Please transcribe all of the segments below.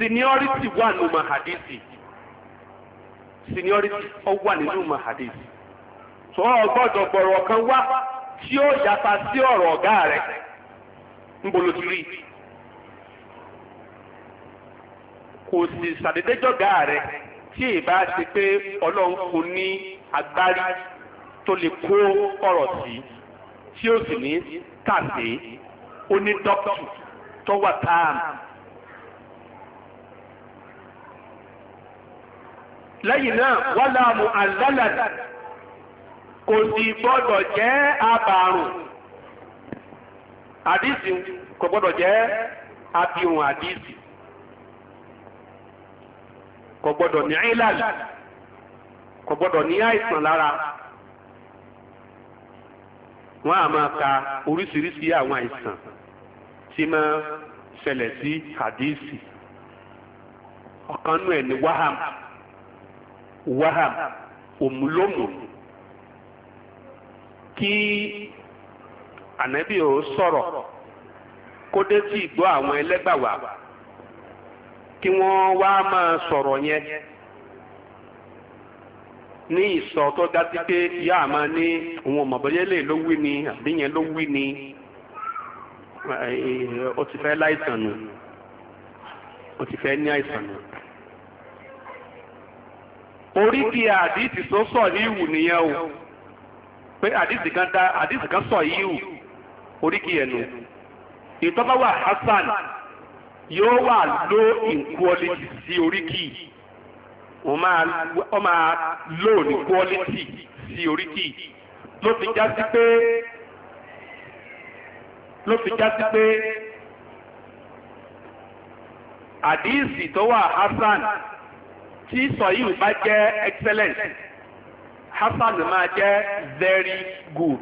seniority wà nínú mahadisi seniority ọ wà nínú mahadisi tó o kan wá tí ó yàtọ̀ sí ọ̀rọ̀ ọ̀gá rẹ̀ ńbolo kò sì ṣàdédéjọ́gá rẹ̀ tí ìbá ṣe pé ọlọ́run fún ní agbárí tó lè kó ọ̀rọ̀ sí tí ó sì ní lẹ́yìn náà wọ́n láàmù àlálàdà kò sì gbọ́dọ̀ jẹ́ abàrùn àdìsí kò gbọ́dọ̀ jẹ́ abirùn àdìsí kò gbọ́dọ̀ ní àìlàlì kò gbọ́dọ̀ ní àìsàn lára wọ́n a máa ka oríṣiríṣi àwọn àìsàn tí máa ṣẹlẹ̀ sí àdìsí ọ̀kan nù ẹ̀ ní wàhámù. wahab òmùlómù kí ànábì ò sọrọ kó dé ìgbọ́ àwọn ẹlẹ́gbà kí wọ́n wá máa sọ̀rọ̀ yẹn ní ìsọ tó dájú pé yá àmọ́ ní òun ọ̀mọ̀bọ́yẹ́lẹ̀ ló wí ni àbíyẹn ló wí ni ó ti fẹ́ láìsàn nù ó ti fẹ́ ní àìsàn oríkì àdìsí tó sọ yíwù nìyẹn o pé àdìsí kan da àdìsí kan sọ yíwù oríkì ẹ̀ nù ìtọ́ba hasan yóò wà ló lo sí oríkì wọ́n máa lò ní sí ló fi já sí pé ló fi hasan. tí sọ̀yìn bá jẹ́ excellent hasan máa jẹ́ very good.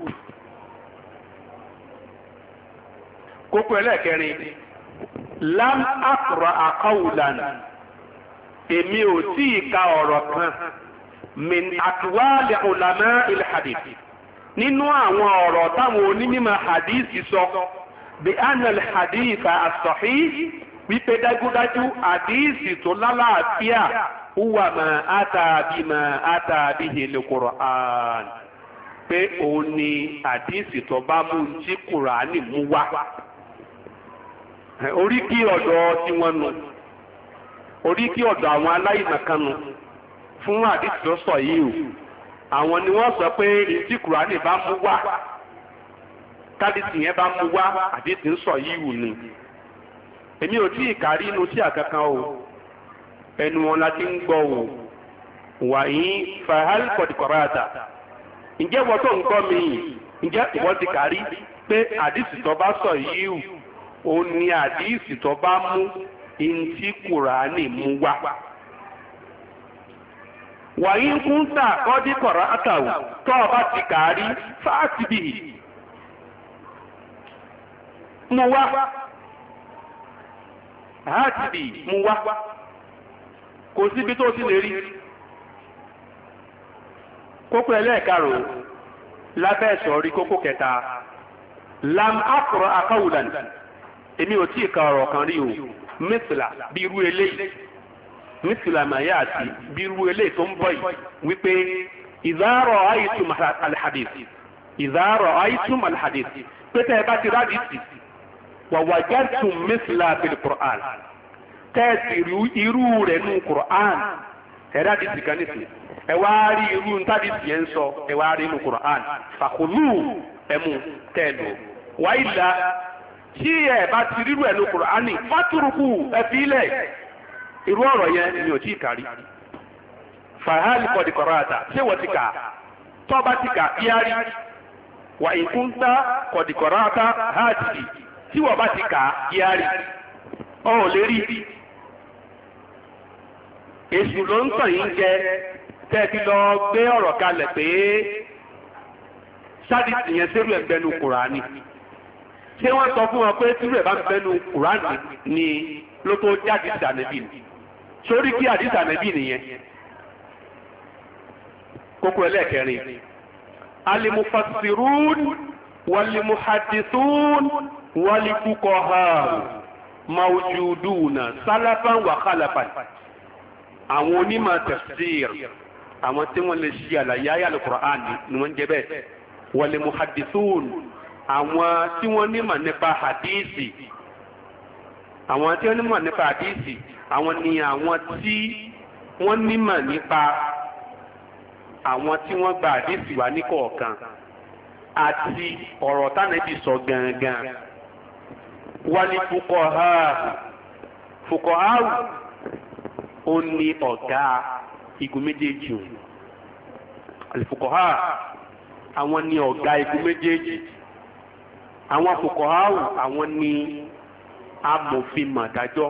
kókó ẹlẹ́ẹ̀kẹrin lam akra akawulan èmi ò tí ì ka ọ̀rọ̀ kan min atuwali ulama il hadith nínú àwọn ọ̀rọ̀ táwọn onímọ̀ hadith sọ bi anna al hadith as wípé dájúdájú àdíìsì tó lálàáfíà húwà mà átàbí mà átàbí hìlì kùrán pé òun ni àdíìsì tó bá mú tí kùránì mú wá oríkì ọ̀dọ̀ tiwọn nù oríkì ọ̀dọ̀ àwọn aláìmọ̀kan nù fún àdíìsì tó sọ yìí o àwọn ni wọ́n sọ pé ìdí kùránì bá mú wá tádìsì yẹn bá mú wá àdìsì ń sọ yìí o ni èmi ò tí ì kárí inú sí o ẹnu wọn la ti ń o wàyí fahal kọ̀dìkọ̀ráta ǹjẹ́ wọ́n tó ń gbọ́ mi ǹjẹ́ ti kárí pé àdìsí bá sọ yìí o ò ní bá mú ntí kùránì mú wá o bá ti kárí fáàtì mú wá. hátìbì mú wá kò síbi tó ti lè rí kókó ẹlẹ́ẹ̀karùn lábẹ́ ìsọ̀rí kókó kẹta lam akọ̀rọ̀ akọ̀wùlàn èmi ò tí ì ka ọ̀rọ̀ kan rí o mísìlà bí irú eléyìí mísìlà màyà àti bí irú eléyìí tó ń bọ̀ yìí wípé ìzárọ̀ àìsùn alhadith ìzárọ̀ àìsùn alhadith pété ẹ bá ti rádìsì wàwàjátùn mẹ́sìlá fil Qur'an tẹ́ẹ̀sì irú rẹ̀ nù Qur'an ẹ̀rá di sìkà nìsín ẹ wá rí irú ntàdí tiẹ̀ ń sọ ẹ wá rí nù Qur'an fàkùlù ẹ̀mú tẹ́ẹ̀lù wàyílà tí ẹ bá ti rírú ẹ̀ nù Qur'an ní fàtúrùkù ẹ̀fílẹ̀ irú ọ̀rọ̀ yẹn ni ò tí kárí fàhálì kọ̀dì kọ̀rọ̀ta ṣé wọ́n ti kà tọ́ba ti kà yárí wà ìkúńtà kọ̀dì kọ̀rọ̀ta háàtì tí wọ́n bá ti kà á yá rí ò lè rí èsù ló ń tàn yín jẹ tẹ́ẹ̀tì lọ gbé ọ̀rọ̀ kalẹ̀ pé sádìsì yẹn sẹ́rù ẹ̀ bẹnu kùránì ṣé wọ́n sọ fún wọn pé sẹ́rù ẹ̀ bá ń bẹnu kùránì ni ló tó jáde sànẹ́bì sórí kí àdìsà nẹ́bì nìyẹn kókó ẹlẹ́ẹ̀kẹrin alimufassirun walimuhadithun wálífúkọ̀ọ́hàrù mawujuduna sálàfàn wà kálàfàn àwọn onímọ̀ tafsir àwọn tí wọ́n lè ṣe àlàyé ayé alukur'an ni wọ́n jẹ́ bẹ́ẹ̀ wàlẹ̀ muhadithun àwọn tí wọ́n nímọ̀ nípa hadisi àwọn tí wọ́n nímọ̀ nípa hadisi àwọn ni àwọn tí wọ́n nímọ̀ nípa àwọn tí wọ́n gba hadisi wá ní kọ̀ọ̀kan àti ọ̀rọ̀ tánàbí sọ gangan. wàlífukọ̀há fukọ̀há ó ní ọ̀gá igun méjèèjì o àlìfukọ̀há àwọn ní ọ̀gá igun méjèèjì àwọn fukọ̀há àwọn ní amòfin màdájọ́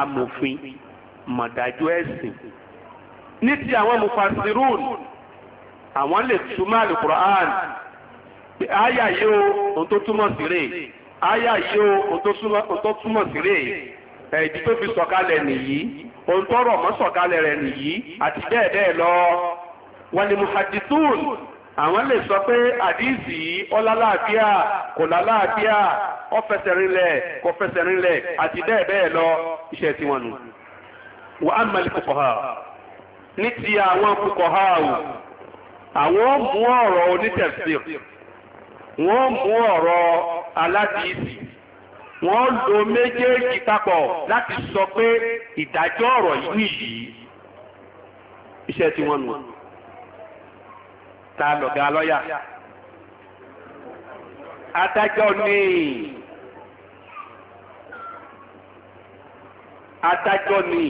amòfin màdájọ́ ẹ̀sìn ní ti àwọn mufasirun àwọn lè túmọ̀ àlùkùrọ̀ àn pé àyà yìí o ohun tó túmọ̀ sí rèé. aya yìí o túmọ̀ sí ẹ̀dí tó fi sọ̀kalẹ̀ nìyí ohun tó rọ̀ mọ́ sọ̀kalẹ̀ rẹ̀ nìyí àti bẹ́ẹ̀ bẹ́ẹ̀ lọ wàlẹ̀ muhadithun àwọn lè sọ pé àdìsí ọlálàáfíà kò lálàáfíà ọfẹsẹ̀rinlẹ̀ kò àti bẹ́ẹ̀ bẹ́ẹ̀ lọ iṣẹ́ tiwọn nù. wà á mẹ́lẹ̀ ní ti àwọn o àwọn mú ọ̀rọ̀ wọ́n mú aládìísì wọ́n lo méjèèjì papọ̀ láti sọ pé ìdájọ́ ọ̀rọ̀ yìí nìyí iṣẹ́ tí wọ́n nù ta lọ̀gá lọ́yà adájọ́ ni adájọ́ ni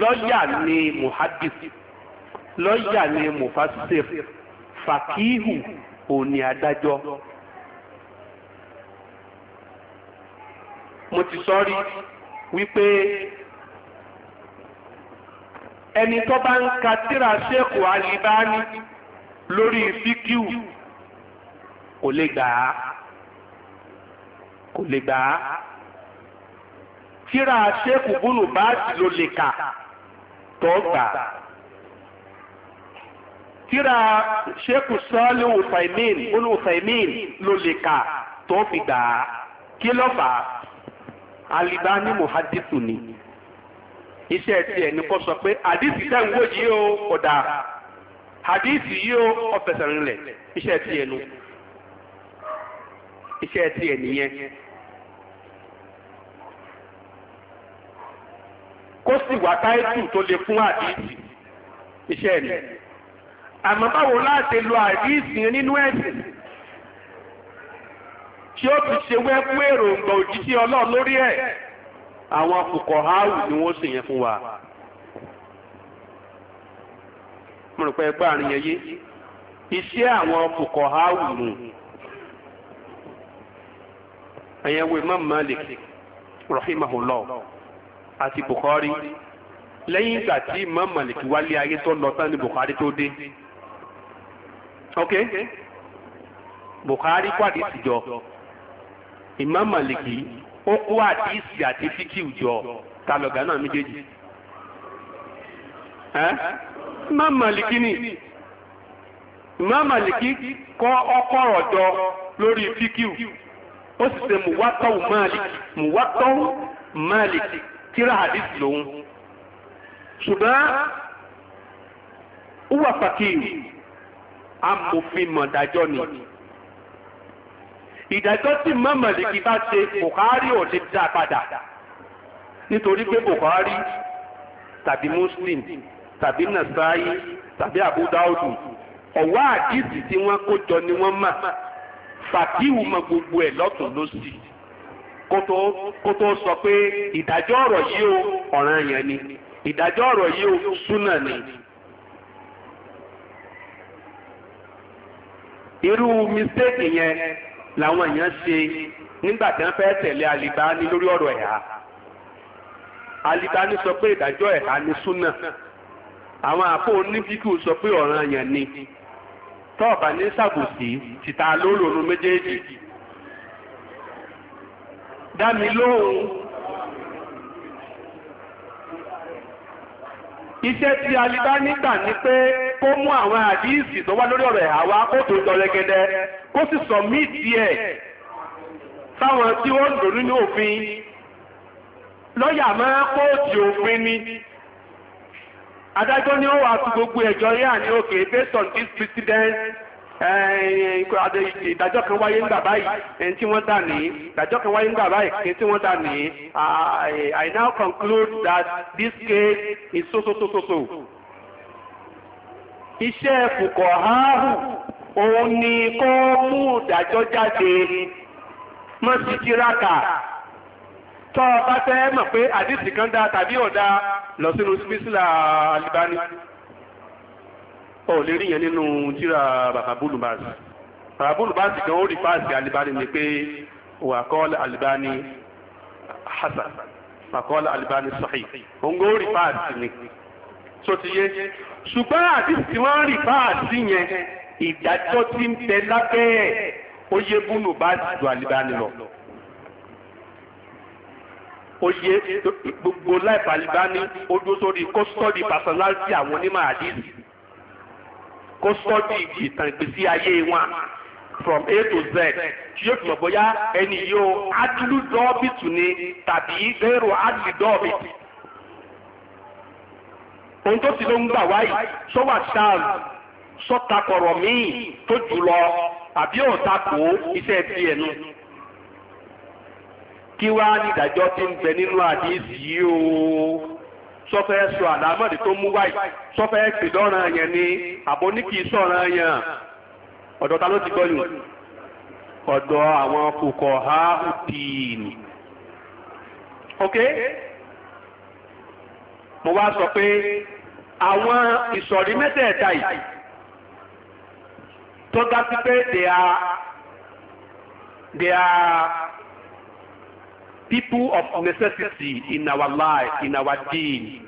lọ́yà ni muhadis lọ́yà ni mufassir fàkíhù òní adájọ́. mo ti sọ rí wípé ẹni tó bá ń ka tíra ṣéèkù alibani lórí fíkíù kò lè gbà á kò lè gbà á tíra ṣéèkù búnú báàsì ló lè kà tó gbà á tíra ṣéèkù sọ́ọ́lù ufaimin búnú ufaimin ló lè kà tó fi gbà á kí ló fà á. Albani muhadisu ni iṣẹ́ tiẹ̀ ni kò sọ pé àdìsí tẹ̀ ń wò yìí o ọ̀dà àdìsí yìí o ọ̀fẹsẹ̀ rinlẹ̀ iṣẹ́ tiẹ̀ nu iṣẹ́ tiẹ̀ nìyẹn. kó sì wá táìtù tó lè fún àdìsí iṣẹ́ ni àmọ́ báwo láti lo àdìsí nínú ẹ̀sìn tí ó fi ṣe wẹ́kú èròǹgbà òjíṣẹ́ ọlọ́run lórí ẹ̀ àwọn kòkò áwù ni wọ́n sì yẹn fún wa. mo rò pé ẹgbẹ́ àárín yẹn yé iṣẹ́ àwọn kòkò áwù nù ẹ̀yẹn wo Imam Malik rahimahullah àti Bukhari lẹ́yìn ìgbà tí Imam Malik wálé ayé tó lọ tán ní Bukhari tó dé. ok Bukhari kó àdìsí jọ. Imam Maliki ó kó àdìsí àti fíkìú jọ ta lọ̀gá náà méjèèjì. Imam Maliki ni Imam Maliki kọ́ ọkọ̀ ọ̀dọ́ lórí fíkìú ó sì ṣe mùwátọ́wù Maliki mùwátọ́wù Maliki kíra àdìsí lòun ṣùgbọ́n ó wà pàkíyì amòfin mọ̀dájọ́ ni ìdájọ́ tí mọ́mọ̀lìkì bá ṣe Bukhari ò lè dá padà nítorí pé Bukhari tàbí Muslim tàbí Nasai tàbí Abu Daudu ọ̀wá àdìsí tí wọ́n kó jọ ni wọ́n mà fàkíwù mọ gbogbo ẹ̀ lọ́tún lọ́sì kó tó sọ pé ìdájọ́ ọ̀rọ̀ yìí o ọ̀ràn yẹn ni ìdájọ́ ọ̀rọ̀ yìí o súnà ni. irú mistake yẹn làwọn èèyàn ṣe nígbà tí wọ́n fẹ́ tẹ̀lé Alibani lórí ọ̀rọ̀ ẹ̀há Alibani sọ pé ìdájọ́ ẹ̀há ní súnà àwọn àpò onífíkù sọ pé ọ̀ràn yẹn ni tọ́ọ̀bà ní sàbòsí tìta lóròrùn méjèèjì Dámi lóhùn iṣẹ́ tí Alibani gbà ni pé kó mú àwọn àdìsí tó wá lórí ọ̀rọ̀ ẹ̀há wá kó tó jọ rẹ́gẹ́dẹ́ kó sì sọ̀míìtì ẹ̀ fáwọn tí wọ́n lò nínú òfin lọ́yà máa kóòtù òfin ni adájọ́ ni ó wà fún gbogbo ẹ̀jọ́ yà ní òkè based on this precedent ìdájọ́ kan wáyé nígbà báyìí ẹni tí wọ́n dà ní ìdájọ́ kan wáyé nígbà báyìí ẹni tí wọ́n dà ní I now conclude that this case is so so so so so iṣẹ́ fùkọ̀ háàrù òun ni kó mú ìdájọ́ jáde mọ́ sí kíráka tọ́ ọ bá fẹ́ mọ̀ pé àdìsí kan dá tàbí ọ̀dá lọ sínú síbísílà alibani ò lè rí yẹn nínú tíra bàbá búlùbáàsì bàbá búlùbáàsì kan ó rí páàsì alibani ni pé wà kọ́ alibani hasa, wà kọ́ alibani sahih òǹgó ó rí páàsì ni tó ti yé ṣùgbọ́n àdìsí tí wọ́n rí páàsì yẹn ìdájọ́ tí ń tẹ lábẹ́ ẹ̀ ó yé búnú lọ. ó yé gbogbo láìpẹ́ àlìbáni ó sórí kọ́sítọ́dì pàṣẹláńtì àwọn onímọ̀ àdìsí kọ́sítọ́dì ìtàn ìgbésí ayé wọn from A to Z tí yóò fi mọ̀ bóyá ẹni ni tàbí bẹ́ẹ̀rù adìlú ohun tó ti ló ń gbà wáyé sọ́wọ́ sọ́takọ̀rọ̀ míì tó jùlọ àbí òtakò iṣẹ́ tiẹ̀ nu. kí wá ní ìdájọ́ tí ń bẹ nínú àdìsí yìí o sọfẹ́ sọ àdámọ́dé tó mú wáyé sọfẹ́ pèdọ́ràn yẹn ni àbóníkì sọ̀ràn yẹn ọ̀dọ̀ ta ló ti gbọ́ yìí ọ̀dọ̀ àwọn kòkò ha dìínì. ok mo wá sọ pé àwọn ìsọ̀rí mẹ́tẹ̀ẹ̀ta yìí tó ga pé they are they are people of necessity in our life in our deen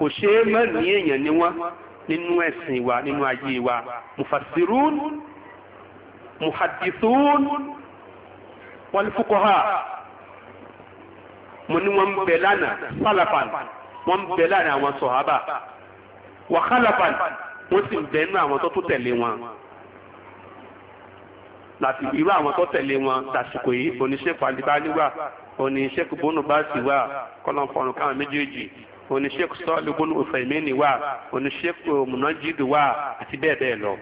kò ṣe é mọ́ ní èèyàn ni wọ́n nínú ẹ̀sìn wa nínú ayé wa mufassirun muhadithun wal mo ní wọ́n bẹ lánàá salafan wọ́n bẹ lánàá àwọn sọ̀hábà wa khalafan wọ́n sì ń bẹ nínú àwọn tó tó tẹ̀lé wọn láti irú àwọn tó tẹ̀lé wọn tàsìkò yìí oníṣẹ́kù alibali wà oníṣẹ́kù bónú báàsì wà kọ́lọ́nfọ̀rùn káwọn méjèèjì oníṣẹ́kù sọ́ọ̀lù bónú òfèmẹ́nì wà oníṣẹ́kù múnájídù wà àti bẹ́ẹ̀ bẹ́ẹ̀ lọ.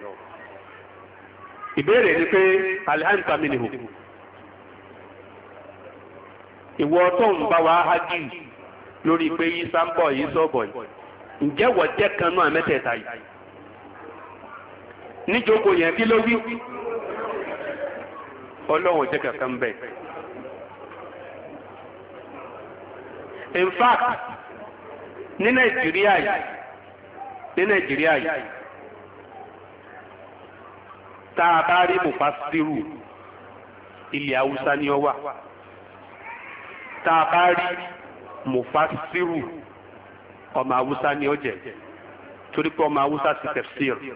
ìbéèrè ni pé alihamdulilayi mi nìhò ìwọ tó ń bá wa hájì lórí pé yìí sáńbọ̀ yìí sọ̀bọ̀ ǹjẹ́ wọ́n jẹ́ kan náà yìí níjókòó yẹn kí ló wí ọlọ́run jẹ́ kankan bẹ́ẹ̀. in fact ní nàìjíríà yìí ní nàìjíríà yìí tá a bá rí mufasiru ilẹ̀ haúsá ni ó wà tá a bá rí mufasiru ọmọ haúsá ni ó jẹ torí pé ọmọ haúsá ti tẹ̀síìrì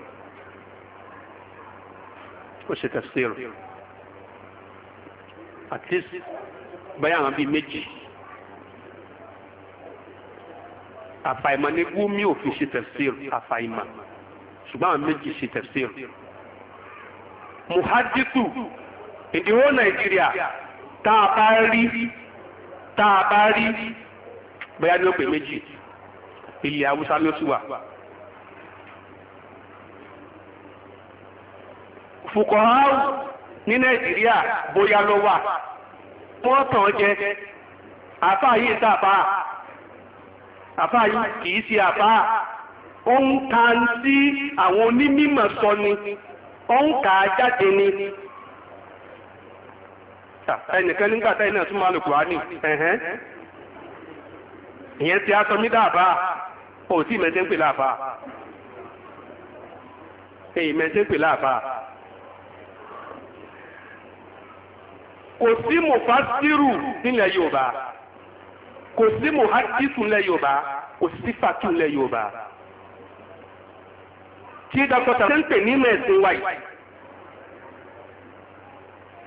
kò ṣe tafsir at least báyà àwọn bíi méjì àfàìmọ̀ ni wúmi ò fi ṣe tafsir àfàìmọ̀ ṣùgbọ́n àwọn méjì ṣe tafsir muhadisu ìdíwọ́ nàìjíríà tá a bá rí tá a bá rí báyà ni ó pè méjì ilẹ̀ haúsá ló sì wà. fùkọ̀háù ní nàìjíríà bóyá ló wà wọ́n tàn jẹ àfáà yìí sàfà àfáà yìí kìí ṣe àfáà ó ń ka sí àwọn onímọ̀ sọ ni ó ń kà á jáde ni ẹnìkan nígbà táyì náà tún máa lò kùránì ìyẹn ti aṣọ mi dáàbà ò tí mẹ́tẹ́ ń pè láàbà èyí mẹ́tẹ́ ń pè láàbà. kò sí mufasiru nílẹ̀ yorùbá kò sí muhadisu nílẹ̀ yorùbá kò sí fatu nílẹ̀ yorùbá tí dr sẹ́ńpè ní ìmọ̀ ẹ̀sìn wa yìí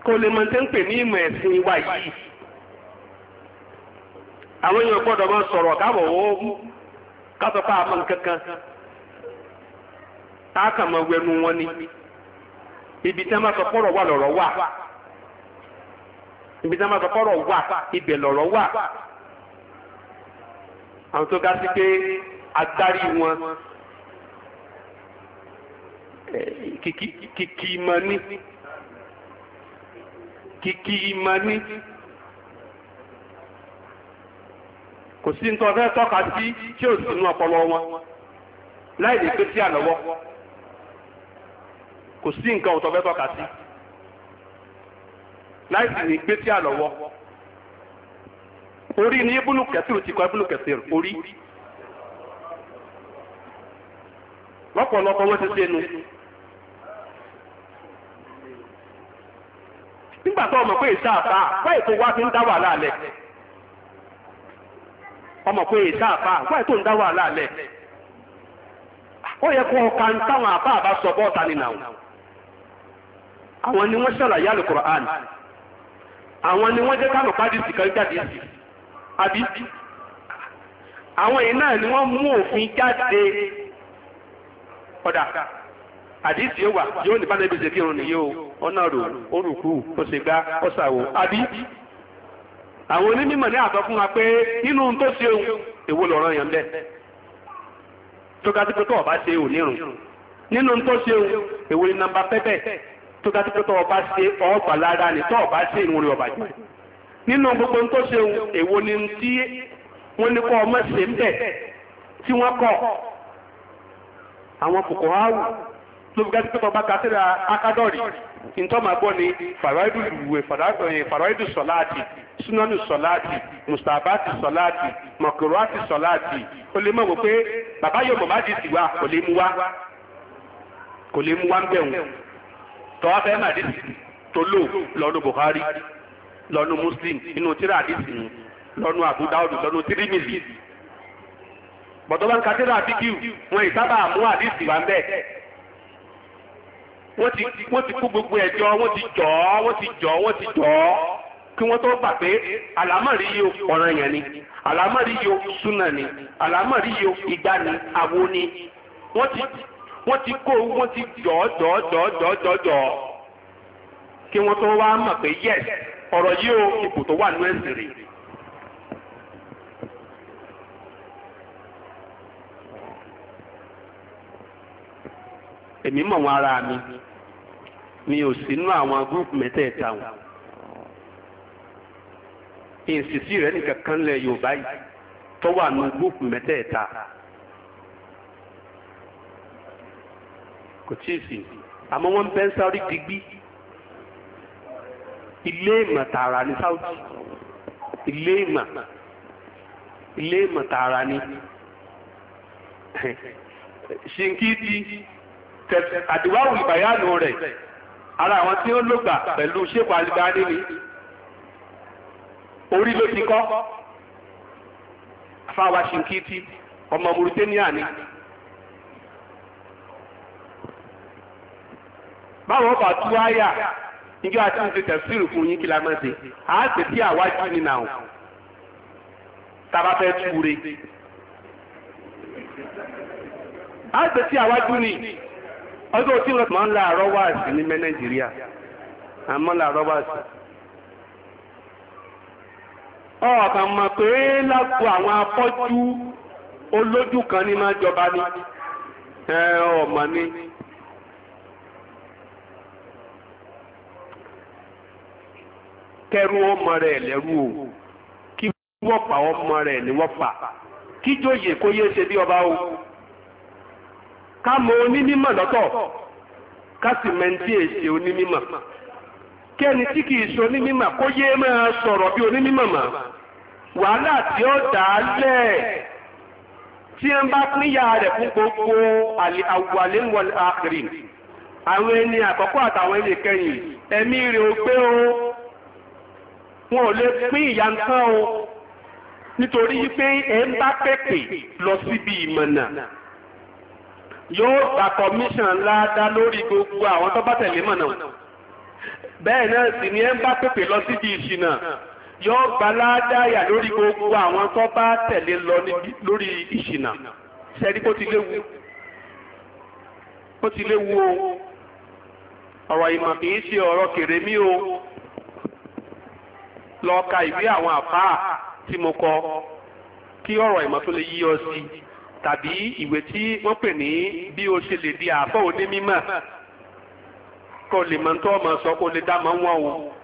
kò lè mọ̀ sẹ́ńpè ní ìmọ̀ ẹ̀sìn wa yìí àwọn èèyàn gbọ́dọ̀ máa sọ̀rọ̀ káàbọ̀ wọ́n kásọ̀ pa àmọ́ kankan máa wẹnu wọn ni ibi tí wọ́n máa sọ pọ̀rọ̀ wà lọ́rọ̀ wà. ibi tí wọ́n máa sọ kọ́rọ̀ wà ibẹ̀ lọ̀rọ̀ wà àwọn tó ga sí pé agbárí wọn eh, kìkì ìmọ̀ ní kìkì ìmọ̀ ní kò sí nǹkan tọ́fẹ́ tọ́ka sí tí ò sínú ọpọlọ wọn láì lè pé sí àlọ́wọ́ kò sí nǹkan ò tọ́fẹ́ tọ́ka sí. láì sì ní gbé sí àlọ́wọ́ orí ni ibùnú kẹsìrì ti kọ ibùnú kẹsìrì orí lọ́pọ̀lọpọ̀ wọ́n ti ṣe nu nígbà tó ọmọ pé ìṣáàfà wáyé tó wá fi ń dá wàhálà lẹ̀ ọmọ pé ala. wáyé tó ń dá wàhálà lẹ̀ ó yẹ kó ọkà ń táwọn àbá sọ bọ́ọ̀ta nínú àwọn ni wọ́n ṣàlàyé àlùkùránì. àwọn ni wọ́n jẹ́ kánù pádìsì kan jáde àbí àwọn èyí náà ni wọ́n mú òfin jáde ọ̀dà àdìsí ó wà yóò ní bánẹ́bí ṣe kírun o ọ̀nà rò orùkú ó ṣe gbá ó ṣàwò àbí àwọn onímọ̀ ní àtọ́ fún wa pé nínú tó ṣe òun èwo lọ̀rọ̀ yàn bẹ́ẹ̀ tó ga tó tó ọ̀bá ṣe nínú tó ṣe òun èwo ni nàmbà pẹ́pẹ́ tó dájú pé tọ́ ọba ṣe ọgbà lára ni tọ́ ọba ṣe ìrun rẹ̀ ọba jù nínú gbogbo tó ṣe èwo ni tí wọ́n ní kọ́ ọmọ ṣe ń bẹ̀ tí wọ́n kọ́ àwọn kòkòrò áwù ló fi dájú pé tọ́ ọba kásíra akádọ́rì ntọ́mà gbọ́ ni fàráìdù ìwé fàráìdù sọ̀láàtì súnánù sọ̀láàtì mùsàbáàtì sọ̀láàtì mọ̀kòròàtì sọ̀láàtì ó lè mọ̀ wò pé bàbá yóò mọ̀ má di tiwa kò lè mú wa kò lè mú wa ń bẹ̀ wọ́n. tọ́wọ́ fẹ́ máa dé tó lò lọ́nu Bukhari lọ́nu Muslim inú tíra àdìsí ni lọ́nu Abu Dawud lọ́nu Tirmidhi bọ̀dọ̀ bá ń ka tíra bíkíù wọn ìsábà mú àdìsí wá ń wọ́n ti kú gbogbo ẹ̀jọ́ wọ́n ti jọ́ wọ́n ti jọ́ wọ́n ti jọ́ kí wọ́n tó gbà pé àlámọ̀rí yìí ọ̀ràn yẹn ni àlámọ̀rí yìí súnà ni àlámọ̀rí yìí ìgbà ni àwo ni wọ́n ti wọ́n ti kó wọ́n ti jọ̀ jọ̀ jọ̀ jọ̀ jọ̀ jọ̀ kí wọ́n tó wá mọ̀ pé yes ọ̀rọ̀ yìí ó ipò tó wà nínú ẹ̀sìn rè. èmi mọ̀ wọn ara mi mi ò sínú àwọn gúrúùpù mẹ́tẹ̀ẹ̀ta wọn ìsìsì rẹ̀ nìkan kan lẹ̀ Yorùbá yìí tó wà nínú gúrúùpù mẹ́tẹ̀ẹ̀ta. kò tí ì sí àmọ́ wọ́n ń bẹ́ Saudi digbí ilé ìmọ̀ tààrà ní Saudi ilé ìmọ̀ ilé ìmọ̀ tààrà ní ṣìǹkìtì àdìwáwù ìbàyánu rẹ̀ ara àwọn tí ó lògbà pẹ̀lú ṣépà alìbáni ni orí ló ti kọ́ fáwa ṣìǹkìtì ọmọ Mauritania ni. báwọn bá tú àyà níjọ àti ní ti tẹ̀síìrì fún yín kí la máa ṣe à á ṣe tí àwájú ni nà ó tàbá fẹ́ túure à á ṣe tí àwájú ni ọjọ́ tí wọ́n máa ń la àárọ̀ wá sí ní mẹ́ nàìjíríà àmọ́ la àárọ̀ wá sí. ọ̀kan mọ̀ pé lágbo àwọn afọ́jú olójú kan ní máa jọba ní ọmọ ní. kẹrù ọmọ rẹ̀ lẹ́rú o kí wọ́n pa ọmọ rẹ̀ ni wọ́n pa kó yé ṣe bí ọba o ká mọ onímọ̀ lọ́tọ̀ ká sì mẹ́ntì èsì onímọ̀ kí tí kìí ṣe onímọ̀ kó yé máa sọ̀rọ̀ bí onímọ̀ wàhálà tí ó dà á lẹ̀ tí bá rẹ̀ fún gbogbo wọlé àkìrì àwọn ẹni àkọ́kọ́ wọn ò lè pín ìyá nǹkan o nítorí pé ẹ ń bá pèpè lọ síbi ìmọ̀nà yóò gba commission ńlá dá lórí gbogbo àwọn tó bá tẹ̀lé mọ̀nà bẹ́ẹ̀ náà sì ni ẹ ń bá pèpè lọ síbi ìṣìnà yóò gba ládàáyà lórí gbogbo àwọn tó bá tẹ̀lé lọ lórí ìṣìnà ṣẹ́rí kó ti léwu kó ti léwu o ọ̀rọ̀ ìmọ̀ kì í ṣe ọ̀rọ̀ kèrèmí o lọ ka ìwé àwọn àfáà tí mo kọ kí ọ̀rọ̀ ìmọ̀ tó lè yí ọ sí tàbí ìwé tí wọ́n pè ní bí o ṣe lè di àfọ̀ onímọ̀ kó lè mọ̀ tó ọmọ sọ kó lè dá mọ́ wọn o.